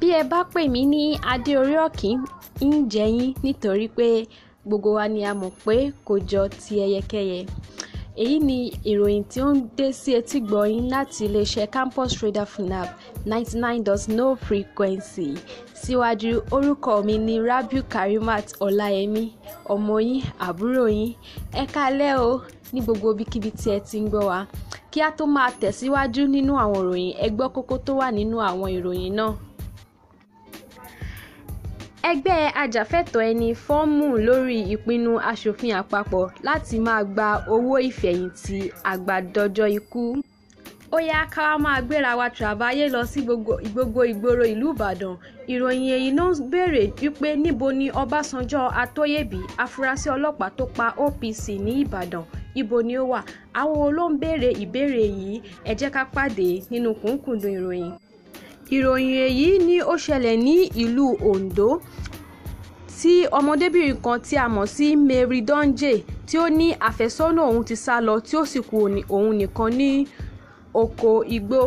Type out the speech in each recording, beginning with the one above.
bí ẹ bá pè mí ní adé orí ọ̀kín ń jẹ yín nítorí pé gbogbo wa ni a mọ̀ pé kò jọ ti ẹyẹkẹyẹ èyí ni ìròyìn tí ó ń dé sí etí gbọ̀yìn láti iléeṣẹ́ campus radar funab ninety nine dot no frequency síwájú orúkọ mi ni rabiu karimat ọláyẹmí ọmọ yín àbúrò yín ẹ kálẹ́ o ní gbogbo ibikíbi tí ẹ ti ń gbọ́ wa kí a tó máa tẹ̀síwájú nínú àwọn ìròyìn ẹ kókó tó wà nínú àwọn ìròyìn náà. Ẹgbẹ́ ajàfẹ́tọ̀ọ́ ẹni fọ́nmù lórí ìpinnu aṣòfin àpapọ̀ láti máa gba owó ìfẹ̀yìntì àgbàdọjọ́ ikú. Ó yá ká wá máa gbéra wa tàbáyé lọ sí gbogbo ìgboro ìlú Ìbàdàn, ìròyìn èyí ló ń bèèrè wípé níbo ni Ọbásanjọ́ Atóyèbí, afurasí ọlọ́pàá tó pa OPC ní Ìbàdàn, ibo ni ó wà? Àwọn wo ló ń bèèrè ìbéèrè yìí? Ẹ jẹ́ ká pàdé nínú kùnkùndùn ìròyìn. Ìròyìn èyí ni ó ṣẹlẹ̀ ní ìlú Ondo, tí ọmọdébìnrin kan tí a mọ̀ sí Mary Donje tí ó ní àfẹ́sọ́nà òun ti sálọ tí ó sì ku òun nìkan ní oko igbó.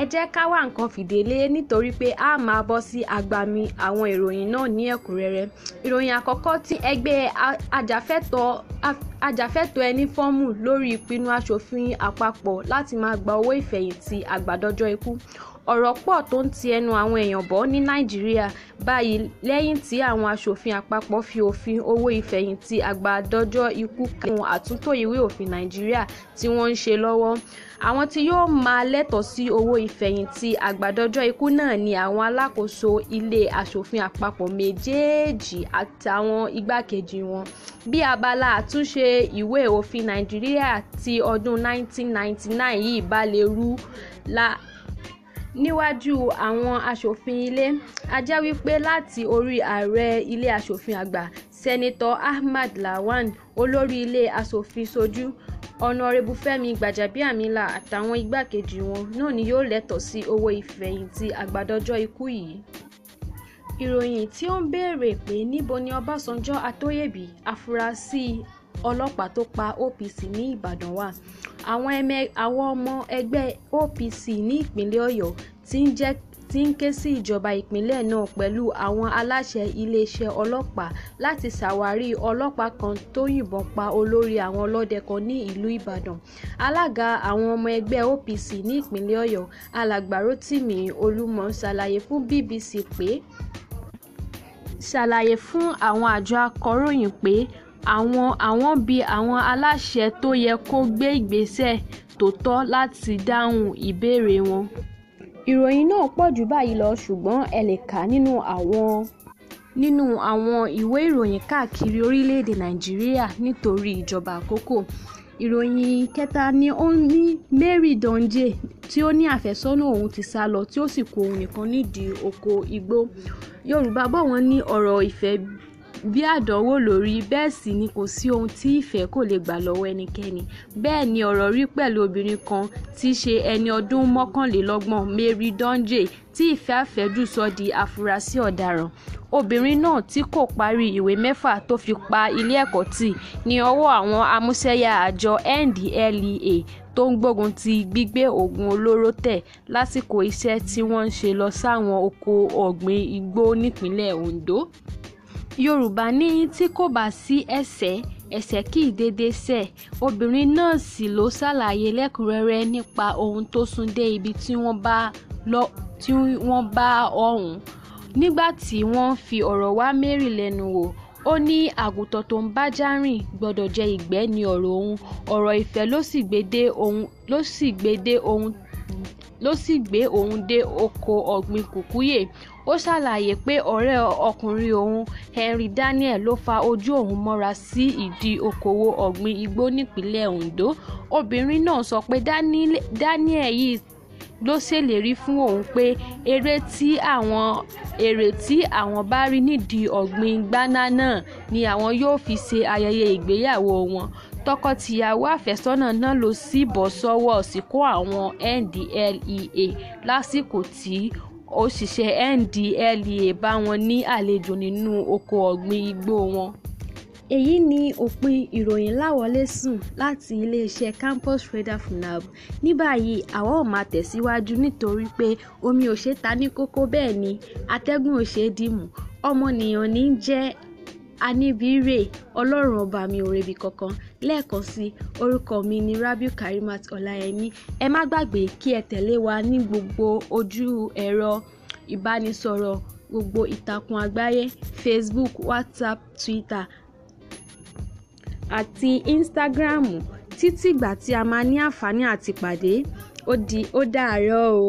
Ẹ jẹ́ ká wá nǹkan fìdílé nítorí pé a máa bọ́ sí agbami àwọn ìròyìn náà ní ẹ̀kúnrẹ́rẹ́. Ìròyìn àkọ́kọ́ tí ẹgbẹ́ ajàfẹ́tọ̀ọ́ ẹni fọ́nmù lórí ìpinnu aṣòfin àpapọ̀ láti máa gba owó ìfẹ̀yìntì àgbàdọ́jọ́ ikú ọ̀rọ̀ pọ̀ tó ń ti ẹnu àwọn èèyàn bọ̀ ní nàìjíríà báyìí lẹ́yìn tí àwọn aṣòfin àpapọ̀ fi òfin owó ìfẹ̀yìntì àgbàdọ́jọ́ ikú kún àtúntò ìwé òfin nàìjíríà tí wọ́n ń ṣe lọ́wọ́ àwọn tí yóò máa lẹ́tọ̀ọ́ sí owó ìfẹ̀yìntì àgbàdọ́jọ́ ikú náà ni àwọn alákòóso ilé aṣòfin àpapọ̀ méjèèjì àtàwọn igbákejì wọn bí abala àtúnṣe ìwé òfin nàìjíríà ti ọdún 1999 yìí bá lè rú la níwájú àwọn asòfin ilé a jẹ́ wípé láti orí ààrẹ ilé asòfin àgbà sẹ́nitọ́ ahmad lawan olórí ilé asòfin sojú ọ̀nàrẹ́bù fẹ́mi gbàjàbíàmílà àtàwọn igbákejì wọn náà ni yóò lẹ́tọ̀ọ́ sí owó ìfẹ̀yìntì àgbàdọ́jọ́ ikú yìí ìròyìn tí ó ń béèrè pé níbo ni ọbásanjọ́ atóyèbí afurasí ọlọ́pàá tó pa OPC ní Ìbàdàn wà àwọn ọmọ ẹgbẹ́ OPC ní ìpínlẹ̀ Ọ̀yọ́ ti ń ké sí ìjọba ìpínlẹ̀ náà pẹ̀lú àwọn aláṣẹ iléeṣẹ́ ọlọ́pàá láti ṣàwárí ọlọ́pàá kan tó yìnbọn pa olórí àwọn ọlọ́dẹ kan ní ìlú Ìbàdàn alága àwọn ọmọ ẹgbẹ́ OPC ní ìpínlẹ̀ Ọ̀yọ́ alàgbà Rotimi Olúmọ ṣàlàyé fún BBC pé ṣàlàyé fún àwọn àjọ akọ̀ròyìn pé àwọn àwọn bi àwọn aláṣẹ tó yẹ kó gbé ìgbésẹ̀ tó tọ́ láti dáhùn ìbéèrè wọn. ìròyìn náà pọ̀ jù báyìí lọ ṣùgbọ́n ẹ lè kà á nínú àwọn nínú àwọn ìwé ìròyìn káàkiri orílẹ̀-èdè nàìjíríà nítorí ìjọba àkókò ìròyìn kẹta ni ó ní Mary Donje tí ó ní àfẹ́sọ́nà òun ti sá lọ tí ó sì kó òun nìkan nídìí oko igbó Yorùbá bọ̀ wọ́n ní ọ̀rọ̀ ìfẹ́ bí àdánwò lórí bẹ́ẹ̀ sì ni kò sí ohun tí ìfẹ́ kò lè gbà lọ́wọ́ ẹnikẹ́ni bẹ́ẹ̀ ni ọ̀rọ̀ rí pẹ̀lú obìnrin kan tí í ṣe ẹni ọdún mọ́kànlélọ́gbọ̀n Mary Dungey tí ìfẹ́ àfẹ́jù sọ di afurasí ọ̀daràn obìnrin náà tí kò parí ìwé mẹ́fà tó fi pa ilé ẹ̀kọ́ tì ní ọwọ́ àwọn amúṣẹ́yà àjọ NDLEA tó ń gbógun ti gbígbé oògùn olóró tẹ̀ lásìkò iṣẹ́ tí wọ́n ń ṣe lọ sáwọn oko ọ̀gbìn igbó nípínlẹ̀ Ondo yorùbá ní tí kò bá sí ẹ̀ṣẹ̀ ẹ̀ṣẹ̀ kì í déédé ṣẹ̀ obìnrin náà sì ló ṣàlàyé lẹ́kùnrẹ́rẹ́ nípa ohun tó sún dé ibi tí wọ́n bá ọ̀hún nígbà tí wọ́n fi ọ̀rọ̀ wá Mary lẹ́nu wò ó ní àgùntàn tó ń bájá rìn gbọ́dọ̀ jẹ ìgbẹ́ ní ọ̀rọ̀ òun ọ̀rọ̀ ìfẹ́ ló sì gbé dé ohun ló sì gbé òun dé oko ọ̀gbìn kùkúyè ó ṣàlàyé pé ọ̀rẹ́ ọkùnrin òun Henry Daniel ló fa ojú òun mọ́ra sí ìdí okòwò ọ̀gbìn igbó nípínlẹ̀ Ondo obìnrin náà sọ pé Daniel yìí ló ṣèlérí fún òun pé èrè tí àwọn èrè tí àwọn bá rí nídìí ọ̀gbìn gbaná náà ni àwọn yóò fi ṣe ayẹyẹ ìgbéyàwó wọn tọkọ-tìyàwó àfẹ́sọ́nà náà ló sì bọ́ sọ́wọ́ ìsìnkú àwọn NDLEA lásìkò tí òṣìṣẹ́ NDLEA bá wọn ní àlejò nínú oko ọ̀gbìn igbó wọn. èyí ni òpin ìròyìn láwọlé sùn láti iléeṣẹ́ campus radar funab ní báyìí àwọn ò máa tẹ̀síwájú nítorí pé omi ò ṣe ta ní kókó bẹ́ẹ̀ ni atẹ́gùn ò ṣe dìmú ọmọnìyàn ní jẹ́ aníbíire ọlọ́run ọba mi ò rebi kankan lẹ́ẹ̀kan sí orúkọ mi ní rabiu karimat ọláyẹmí ẹ má gbàgbé kí ẹ tẹ̀lé wa ní gbogbo ojú ẹ̀rọ ìbánisọ̀rọ̀ gbogbo ìtàkùn àgbáyé facebook whatsapp twitter àti instagram títìgbà tí a máa ní àǹfààní àti pàdé ó di ó dàárọ̀ o.